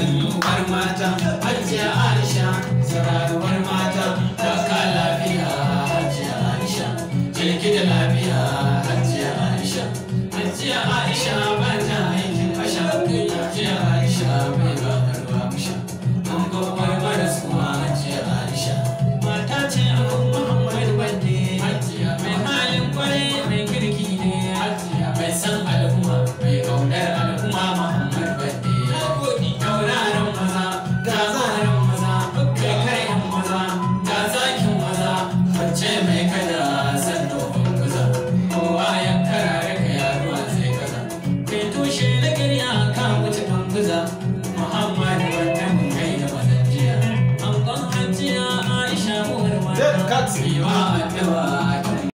sannuwar mata hajiya aisha sararuwar mata ta ka lafiya hajiya aisha jirgi lafiya hajiya aisha hajiya aisha Cut.